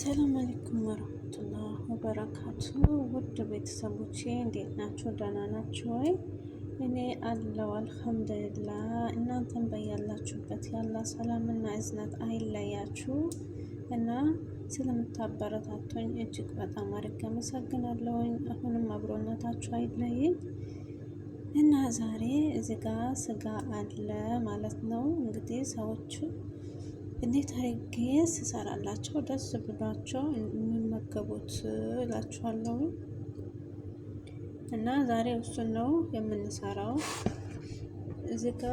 ሰላም አለይኩም ወረህመቱላህ ወበረካቱ ውድ ቤተሰቦቼ እንዴት ናችሁ? ደህና ናችሁ ወይ? እኔ አለው አልሐምዱሊላህ። እናንተን በያላችሁበት ያላ ሰላምና እዝነት አይለያችሁ እና ስለምታበረታቶኝ እጅግ በጣም አድርጌ አመሰግናለሁኝ። አሁንም አብሮነታችሁ አይለይኝ እና ዛሬ እዚህ ጋ ስጋ አለ ማለት ነው እንግዲህ ሰዎቹ እንዴት አድርጌ ስሰራላቸው ደስ ብሏቸው የሚመገቡት እላችኋለሁ። እና ዛሬ እሱን ነው የምንሰራው። እዚህ ጋ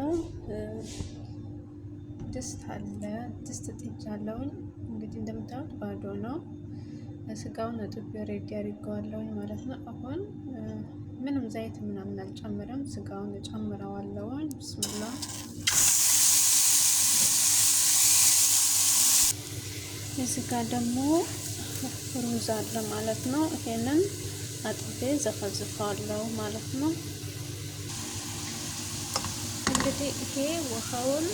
ድስት አለ። ድስት ጥጃለሁኝ። እንግዲህ እንደምታዩት ባዶ ነው። ስጋውን አጥቤ ሬዲ አድርገዋለሁኝ ማለት ነው። አሁን ምንም ዘይት ምናምን አልጨምርም። ስጋውን እጨምረዋለሁኝ። ብስምላ እዚህ ጋር ደግሞ ሩዝ አለ ማለት ነው። ይሄንን አጥቤ ዘፈዝፈዋለሁ ማለት ነው። እንግዲህ ይሄ ውሃውን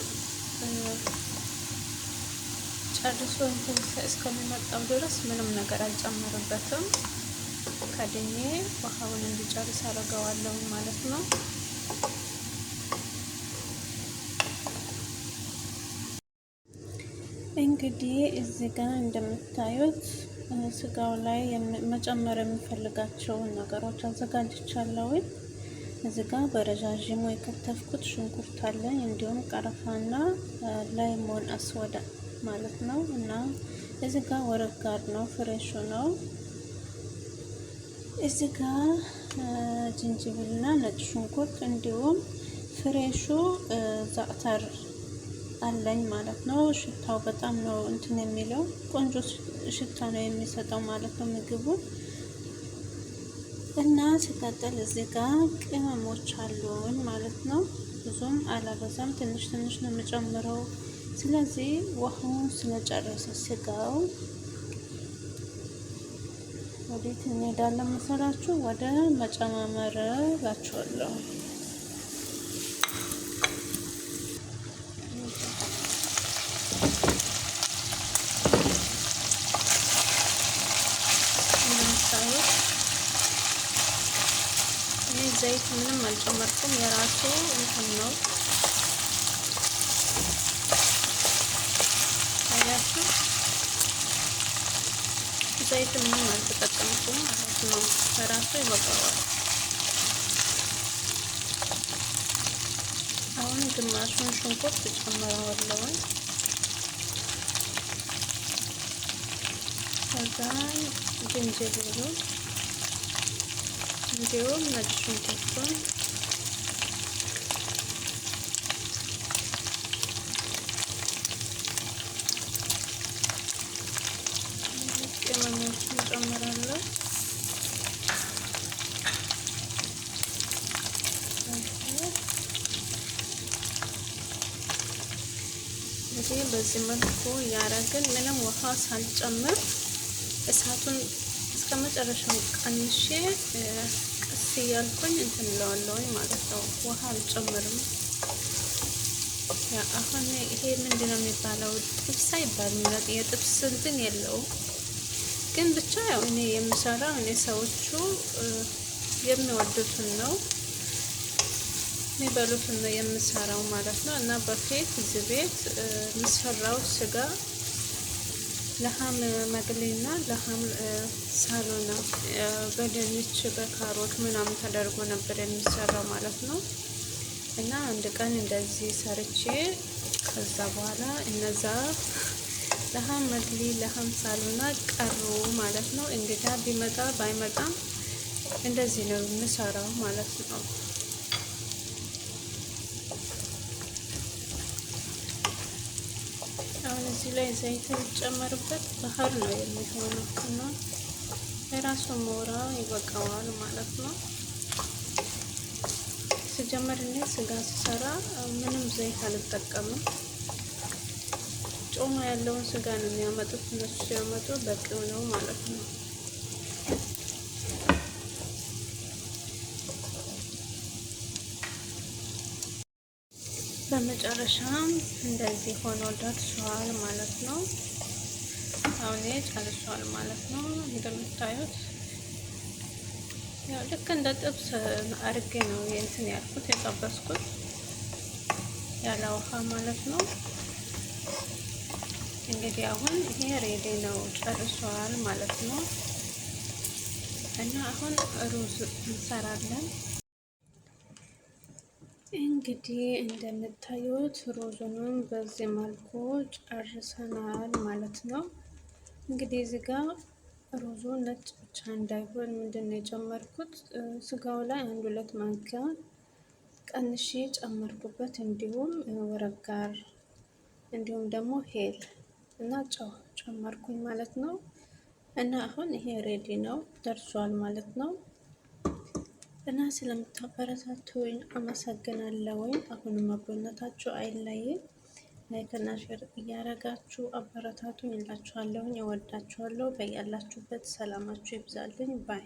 ጨርሶ እስከሚመጣው ድረስ ምንም ነገር አልጨምርበትም። ከድኜ ውሃውን እንዲጨርስ አደርገዋለሁ ማለት ነው። እንግዲህ እዚህ ጋር እንደምታዩት ስጋው ላይ መጨመር የሚፈልጋቸውን ነገሮች አዘጋጅቻለሁ። እዚህ ጋር በረዣዥሙ የከተፍኩት ሽንኩርት አለኝ፣ እንዲሁም ቀረፋና ላይሞን አስወዳ ማለት ነው እና እዚህ ጋር ወረብ ጋር ነው ፍሬሹ ነው። እዚህ ጋር ዝንጅብልና ነጭ ሽንኩርት እንዲሁም ፍሬሹ ዛዕተር አለኝ ማለት ነው። ሽታው በጣም ነው እንትን የሚለው ቆንጆ ሽታ ነው የሚሰጠው ማለት ነው ምግቡ እና ሲቀጥል እዚህ ጋር ቅመሞች አሉን ማለት ነው። ብዙም አላበዛም፣ ትንሽ ትንሽ ነው የምጨምረው። ስለዚህ ውሃውን ስለጨረሰ ስጋው ወዴት እንሄዳለን መሰላችሁ? ወደ መጨማመር ላችኋለሁ። ዘይት ምንም አልጨመርኩም። የራሱ እንትን ነው አያችሁ። ዘይት ምንም አልተጠቀምኩም ማለት ነው። በራሱ ይበቃዋል። አሁን ግማሹን ሽንኩርት ጨምረዋለሁኝ። ከዛ ዝንጅብል እንዲሁም ነጭ ሽንኩርቱን ቅመሞችን እጨምራለሁ። እንግዲህ በዚህ መልኩ እያደረግን ምንም ውሃ ሳልጨምር እሳቱን እስከ መጨረሻው ቀንሼ ቀስ እያልኩኝ እንትን እለዋለሁኝ ማለት ነው። ውሃ አልጨምርም። አሁን ይሄ ምንድን ነው የሚባለው? ጥብስ አይባልም። የጥብስ እንትን የለውም ግን ብቻ ያው እኔ የምሰራው እኔ ሰዎቹ የሚወዱትን ነው የሚበሉትን ነው የምሰራው ማለት ነው። እና በፊት እዚህ ቤት የምሰራው ስጋ ለሀም መግሌና ለሀም ሳሎና በድንች በካሮት ምናምን ተደርጎ ነበር የሚሰራው ማለት ነው። እና አንድ ቀን እንደዚህ ሰርቼ ከዛ በኋላ እነዛ ለሀም መግሌ ለሀም ሳሎና ቀሩ ማለት ነው። እንግዳ ቢመጣ ባይመጣም እንደዚህ ነው የምሰራው ማለት ነው። እዚህ ላይ ዘይት የሚጨመርበት ባህር ነው የሚሆነው እና የራሱ ሞራ ይበቃዋል ማለት ነው። ስጀመር እኔ ስጋ ስሰራ ምንም ዘይት አልጠቀምም። ጮማ ያለውን ስጋ ነው የሚያመጡት እነሱ ሲያመጡ በቂው ነው ማለት ነው። በመጨረሻም እንደዚህ ሆኖ ደርሷል ማለት ነው። አሁን ጨርሷል ማለት ነው። እንደምታዩት ያው ልክ እንደ ጥብስ አድርጌ ነው እንትን ያልኩት የጠበስኩት ያለ ውሃ ማለት ነው። እንግዲህ አሁን ይሄ ሬዴ ነው ጨርሷል ማለት ነው። እና አሁን ሩዝ እንሰራለን። እንግዲህ እንደምታዩት ሮዙንም በዚህ መልኩ ጨርሰናል ማለት ነው። እንግዲህ እዚህ ጋር ሮዙ ነጭ ብቻ እንዳይሆን ምንድን ነው የጨመርኩት? ስጋው ላይ አንድ ሁለት ማንኪያ ቀንሺ ጨመርኩበት። እንዲሁም ወረጋር እንዲሁም ደግሞ ሄል እና ጨው ጨመርኩኝ ማለት ነው። እና አሁን ይሄ ሬዲ ነው ደርሷል ማለት ነው። እና ስለምታበረታቱኝ አመሰግናለሁኝ። አሁንም አብሮነታችሁ አይለይም። ላይክና ሼር እያረጋችሁ አበረታቱኝ እላችኋለሁኝ። እወዳችኋለሁ። በያላችሁበት ሰላማችሁ ይብዛልኝ ባይ